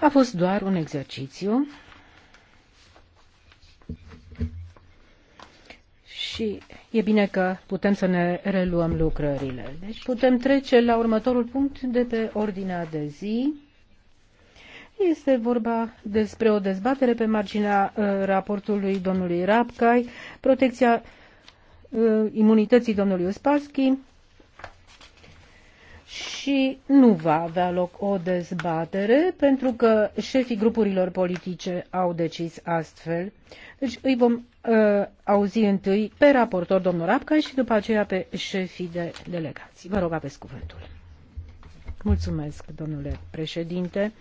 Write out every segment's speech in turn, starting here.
A fost doar un exercițiu și e bine că putem să ne reluăm lucrările. Deci putem trece la următorul punct de pe ordinea de zi. Este vorba despre o dezbatere pe marginea uh, raportului domnului Rapcai, protecția uh, imunității domnului Usparski, și nu va avea loc o dezbatere pentru că șefii grupurilor politice au decis astfel. Deci îi vom uh, auzi întâi pe raportor domnul Rapca și după aceea pe șefii de delegații. Vă rog, aveți cuvântul. Mulțumesc, domnule președinte.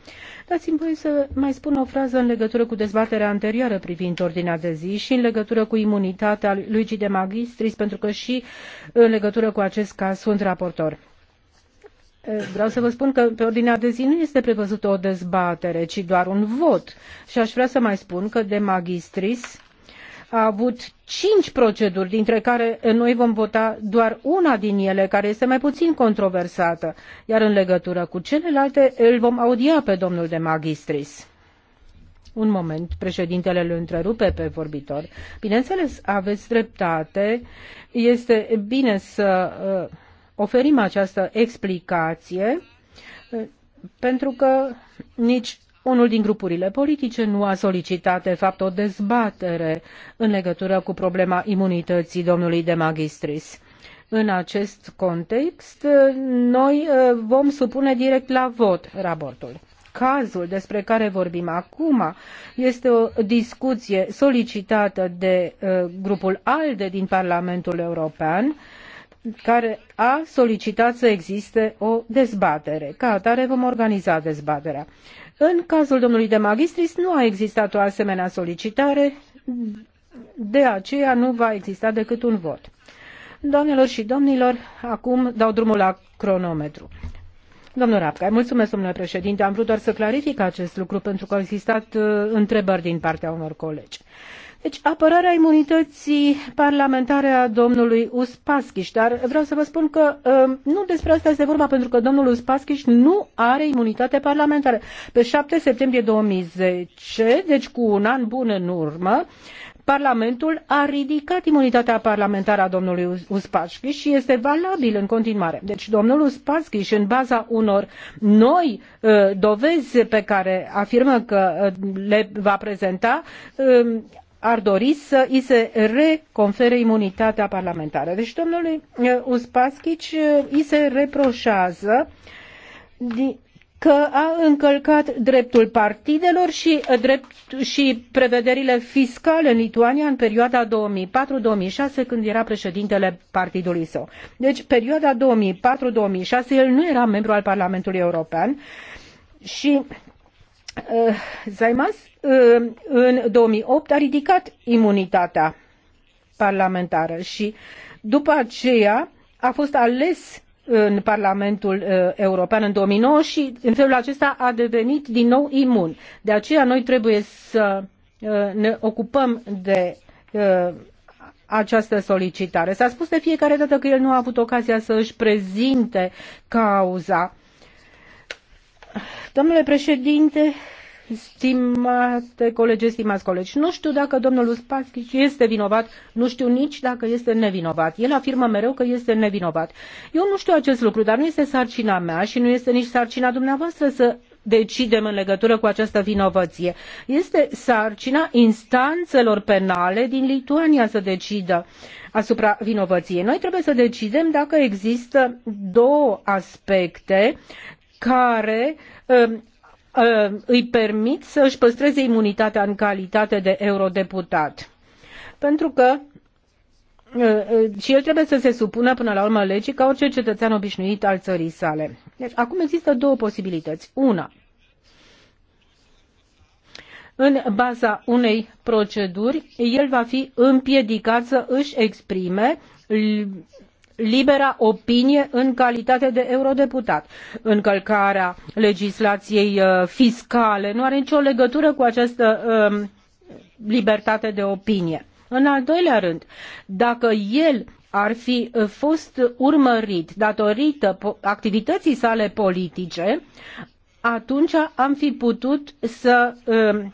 Dați-mi voie să mai spun o frază în legătură cu dezbaterea anterioară privind ordinea de zi și în legătură cu imunitatea lui Gide de Magistris, pentru că și în legătură cu acest caz sunt raportor. Vreau să vă spun că pe ordinea de zi nu este prevăzută o dezbatere, ci doar un vot. Și aș vrea să mai spun că de magistris a avut cinci proceduri, dintre care noi vom vota doar una din ele, care este mai puțin controversată, iar în legătură cu celelalte îl vom audia pe domnul de magistris. Un moment, președintele îl întrerupe pe vorbitor. Bineînțeles, aveți dreptate, este bine să uh, oferim această explicație eh, pentru că nici unul din grupurile politice nu a solicitat, de fapt, o dezbatere în legătură cu problema imunității domnului de magistris. În acest context, eh, noi eh, vom supune direct la vot raportul. Cazul despre care vorbim acum este o discuție solicitată de grupul ALDE din Parlamentul European, care a solicitat să existe o dezbatere. Ca atare vom organiza dezbaterea. În cazul domnului de magistris nu a existat o asemenea solicitare, de aceea nu va exista decât un vot. Doamnelor și domnilor, acum dau drumul la cronometru. Domnul Rapca, mulțumesc, domnule președinte. Am vrut doar să clarific acest lucru pentru că au existat uh, întrebări din partea unor colegi. Deci, apărarea imunității parlamentare a domnului Uspaschiș, dar vreau să vă spun că um, nu despre asta este vorba, pentru că domnul Uspaschiș nu are imunitate parlamentară. Pe 7 septembrie 2010, deci cu un an bun în urmă, Parlamentul a ridicat imunitatea parlamentară a domnului Uspaschiș și este valabil în continuare. Deci domnul Uspaschiș, în baza unor noi uh, dovezi pe care afirmă că uh, le va prezenta, um, ar dori să îi se reconfere imunitatea parlamentară. Deci domnului eh, Uspaschic îi eh, se reproșează că a încălcat dreptul partidelor și, eh, drept, și prevederile fiscale în Lituania în perioada 2004-2006 când era președintele partidului său. Deci perioada 2004-2006 el nu era membru al Parlamentului European și uh, Zaimas Uh, în 2008 a ridicat imunitatea parlamentară și după aceea a fost ales în Parlamentul uh, European în 2009 și în felul acesta a devenit din nou imun. De aceea noi trebuie să uh, ne ocupăm de această solicitare. S-a spus de fiecare dată că el nu a avut ocazia să își prezinte cauza. Domnule președinte, Stimate colegi, stimați colegi, nu știu dacă domnul Uspaschici este vinovat, nu știu nici dacă este nevinovat. El afirmă mereu că este nevinovat. Eu nu știu acest lucru, dar nu este sarcina mea și nu este nici sarcina dumneavoastră să decidem în legătură cu această vinovăție. Este sarcina instanțelor penale din Lituania să decidă asupra vinovăției. Noi trebuie să decidem dacă există două aspecte care um, Uh, îi permit să își păstreze imunitatea în calitate de eurodeputat. Pentru că uh, uh, și el trebuie să se supună până la urmă legii ca orice cetățean obișnuit al țării sale. Deci acum există două posibilități. Una, în baza unei proceduri, el va fi împiedicat să își exprime libera opinie în calitate de eurodeputat. Încălcarea legislației uh, fiscale nu are nicio legătură cu această um, libertate de opinie. În al doilea rând, dacă el ar fi fost urmărit datorită activității sale politice, atunci am fi putut să um,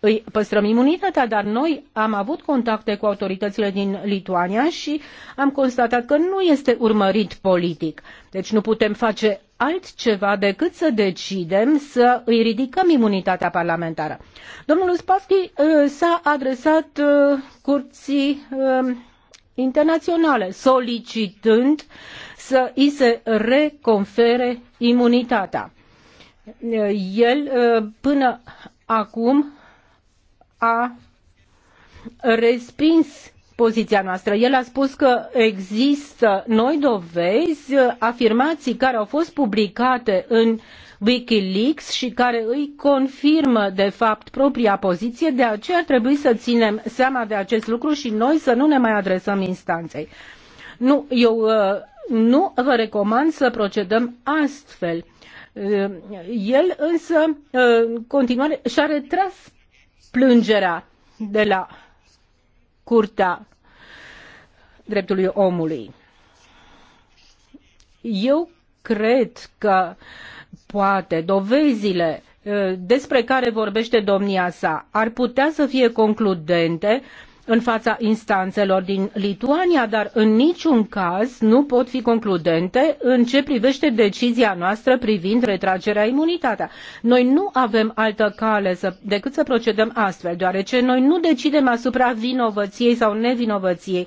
îi păstrăm imunitatea, dar noi am avut contacte cu autoritățile din Lituania și am constatat că nu este urmărit politic. Deci nu putem face altceva decât să decidem să îi ridicăm imunitatea parlamentară. Domnul Spaschi uh, s-a adresat uh, curții um, internaționale, solicitând să îi se reconfere imunitatea. Uh, el până acum a respins poziția noastră. El a spus că există noi dovezi, afirmații care au fost publicate în Wikileaks și care îi confirmă de fapt propria poziție, de aceea ar trebui să ținem seama de acest lucru și noi să nu ne mai adresăm instanței. Nu, eu uh, nu vă recomand să procedăm astfel. Uh, el însă uh, în continuare și-a retras plângerea de la Curtea Dreptului Omului. Eu cred că poate dovezile eh, despre care vorbește domnia sa ar putea să fie concludente în fața instanțelor din Lituania, dar în niciun caz nu pot fi concludente în ce privește decizia noastră privind retragerea imunitatea. Noi nu avem altă cale să, decât să procedăm astfel, deoarece noi nu decidem asupra vinovăției sau nevinovăției.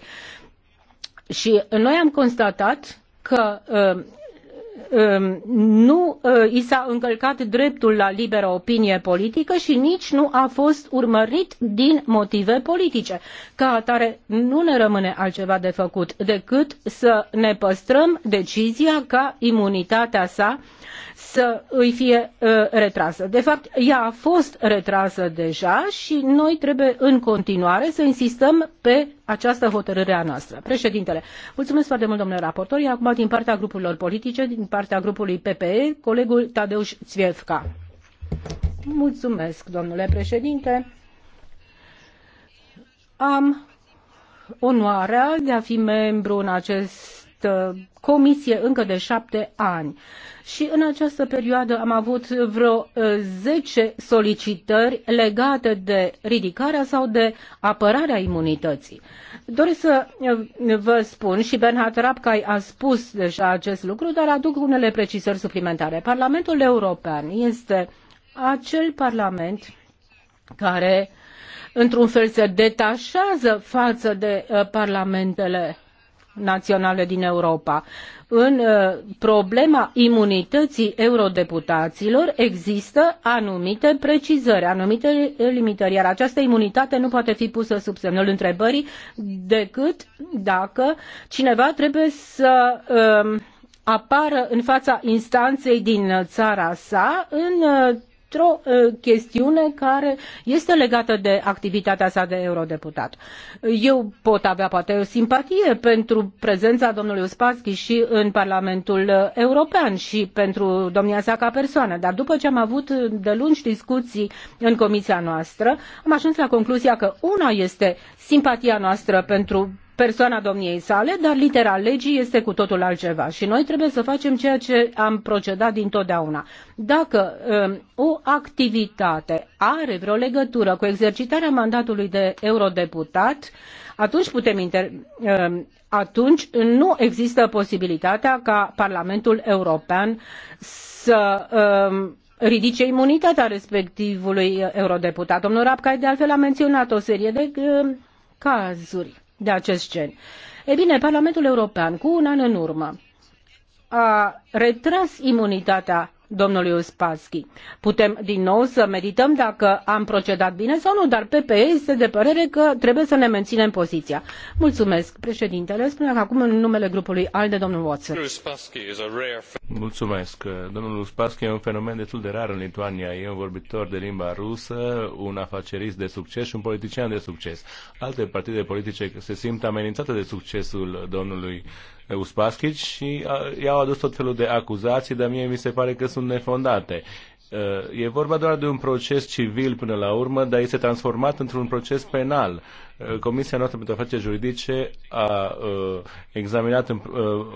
Și noi am constatat că uh, Um, nu uh, i s-a încălcat dreptul la liberă opinie politică și nici nu a fost urmărit din motive politice. Ca atare, nu ne rămâne altceva de făcut decât să ne păstrăm decizia ca imunitatea sa să îi fie uh, retrasă. De fapt, ea a fost retrasă deja și noi trebuie în continuare să insistăm pe această hotărâre a noastră. Președintele, mulțumesc foarte mult, domnule raportor. Iar acum, din partea grupurilor politice, din partea grupului PPE, colegul Tadeuș Țvievca. Mulțumesc, domnule președinte. Am onoarea de a fi membru în acest Uh, comisie încă de șapte ani. Și în această perioadă am avut vreo uh, zece solicitări legate de ridicarea sau de apărarea imunității. Doresc să uh, vă spun și Bernhard Rapkay a spus deja acest lucru, dar aduc unele precizări suplimentare. Parlamentul European este acel parlament care într-un fel se detașează față de parlamentele naționale din Europa. În uh, problema imunității eurodeputaților există anumite precizări, anumite limitări, iar această imunitate nu poate fi pusă sub semnul întrebării decât dacă cineva trebuie să um, apară în fața instanței din țara sa în uh, într-o ă, chestiune care este legată de activitatea sa de eurodeputat. Eu pot avea poate o simpatie pentru prezența domnului Uspaschi și în Parlamentul ă, European și pentru domnia sa ca persoană, dar după ce am avut de lungi discuții în comisia noastră, am ajuns la concluzia că una este simpatia noastră pentru persoana domniei sale, dar litera legii este cu totul altceva și noi trebuie să facem ceea ce am procedat dintotdeauna. Dacă um, o activitate are vreo legătură cu exercitarea mandatului de eurodeputat, atunci putem inter... Um, atunci nu există posibilitatea ca Parlamentul European să um, ridice imunitatea respectivului eurodeputat. Domnul Rapcai de altfel a menționat o serie de um, cazuri de acest gen. E bine, Parlamentul European, cu un an în urmă, a retras imunitatea domnului Uspaschi. Putem din nou să medităm dacă am procedat bine sau nu, dar PPE este de părere că trebuie să ne menținem poziția. Mulțumesc, președintele. Spuneam acum în numele grupului ALDE, domnul Watson. Mulțumesc. Domnul Uspaschi e un fenomen destul de rar în Lituania. E un vorbitor de limba rusă, un afacerist de succes și un politician de succes. Alte partide politice se simt amenințate de succesul domnului Uspaschic și i-au adus tot felul de acuzații, dar mie mi se pare că sunt nefondate. Uh, e vorba doar de un proces civil până la urmă, dar este transformat într-un proces penal. Uh, Comisia noastră pentru afaceri juridice a uh, examinat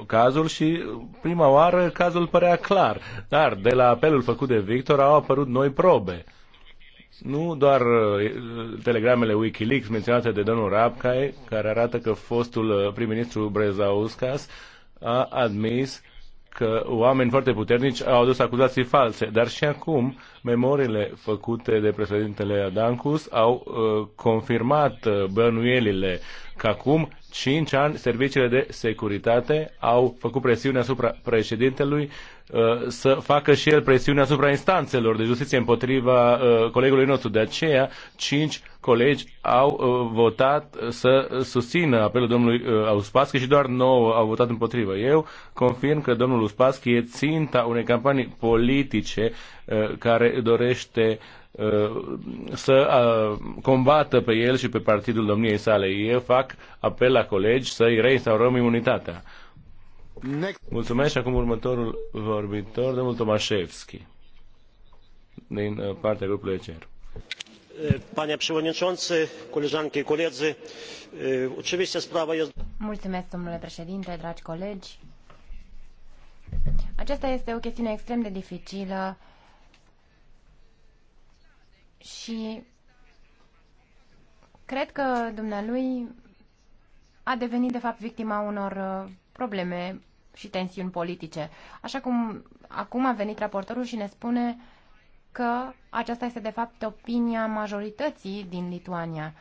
cazul și prima oară cazul părea clar, dar de la apelul făcut de Victor au apărut noi probe. Nu doar telegramele Wikileaks menționate de domnul Rapcai, care arată că fostul prim-ministru Brezauskas a admis uh, că oameni foarte puternici au adus acuzații false, dar și acum memoriile făcute de președintele Adancus au uh, confirmat uh, bănuielile că acum 5 ani serviciile de securitate au făcut presiune asupra președintelui Uh, să facă și el presiune asupra instanțelor de justiție împotriva uh, colegului nostru. De aceea, cinci colegi au uh, votat să susțină apelul domnului Uspaschi și doar nouă au votat împotrivă. Eu confirm că domnul Uspaschi e ținta unei campanii politice care dorește să combată pe el și pe partidul domniei sale. Eu fac apel la colegi să-i reinstaurăm imunitatea. Mulțumesc și acum următorul vorbitor, domnul Tomaszewski, din uh, partea grupului ECR. Panie Przewodniczący, koleżanki i koledzy, oczywiście sprawa jest... Mulțumesc, domnule președinte, dragi colegi. Aceasta este o chestiune extrem de dificilă și cred că dumnealui a devenit, de fapt, victima unor uh, probleme și tensiuni politice. Așa cum acum a venit raportorul și ne spune că aceasta este de fapt opinia majorității din Lituania.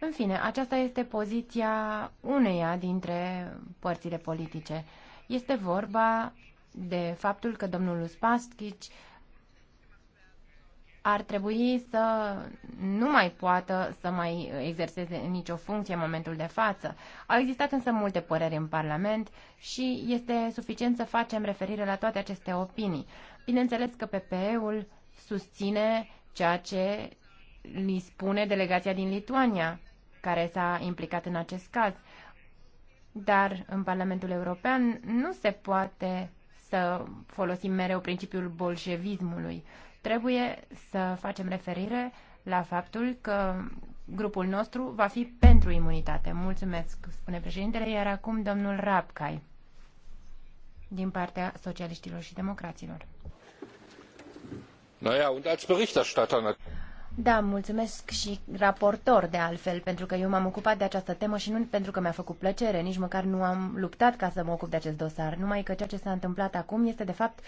În fine, aceasta este poziția uneia dintre părțile politice. Este vorba de faptul că domnul Uspaschici ar trebui să nu mai poată să mai exerseze nicio funcție în momentul de față. Au existat însă multe păreri în Parlament și este suficient să facem referire la toate aceste opinii. Bineînțeles că PPE-ul susține ceea ce li spune delegația din Lituania, care s-a implicat în acest caz. Dar în Parlamentul European nu se poate să folosim mereu principiul bolșevismului. Trebuie să facem referire la faptul că grupul nostru va fi pentru imunitate. Mulțumesc, spune președintele, iar acum domnul Rapcai din partea socialiștilor și democraților. Naja, und als Berichterstatter da, mulțumesc și raportor de altfel, pentru că eu m-am ocupat de această temă și nu pentru că mi-a făcut plăcere, nici măcar nu am luptat ca să mă ocup de acest dosar, numai că ceea ce s-a întâmplat acum este de fapt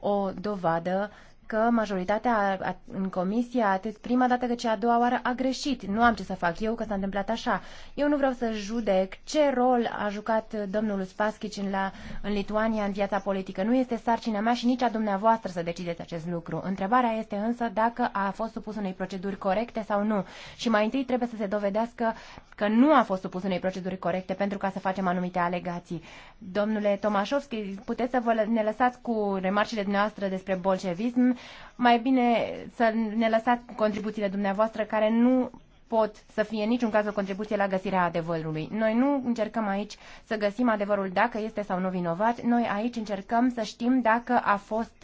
o dovadă că majoritatea în comisie, atât prima dată cât și a doua oară, a greșit. Nu am ce să fac eu, că s-a întâmplat așa. Eu nu vreau să judec ce rol a jucat domnul Spaschic în, la, în Lituania în viața politică. Nu este sarcina mea și nici a dumneavoastră să decideți acest lucru. Întrebarea este însă dacă a fost supus unei proceduri corecte sau nu. Și mai întâi trebuie să se dovedească că nu a fost supus unei proceduri corecte pentru ca să facem anumite alegații. Domnule Tomașovski, puteți să vă, ne lăsați cu remarcile dumneavoastră despre bolșevism mai bine să ne lăsați contribuțiile dumneavoastră care nu pot să fie niciun caz o contribuție la găsirea adevărului. Noi nu încercăm aici să găsim adevărul dacă este sau nu vinovat, noi aici încercăm să știm dacă a fost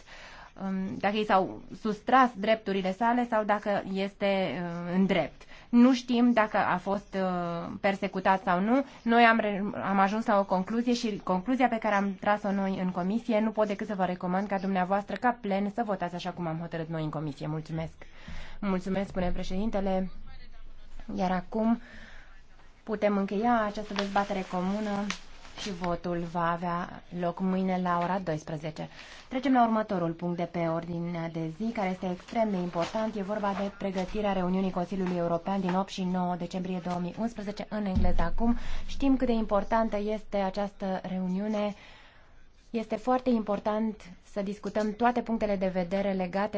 um, dacă i s-au sustras drepturile sale sau dacă este uh, în drept. Nu știm dacă a fost uh, persecutat sau nu. Noi am, am ajuns la o concluzie și concluzia pe care am tras-o noi în comisie nu pot decât să vă recomand ca dumneavoastră, ca plen, să votați așa cum am hotărât noi în comisie. Mulțumesc! Mulțumesc, spune președintele. Iar acum putem încheia această dezbatere comună și votul va avea loc mâine la ora 12. Trecem la următorul punct de pe ordinea de zi, care este extrem de important. E vorba de pregătirea reuniunii Consiliului European din 8 și 9 decembrie 2011 în engleză acum. Știm cât de importantă este această reuniune. Este foarte important să discutăm toate punctele de vedere legate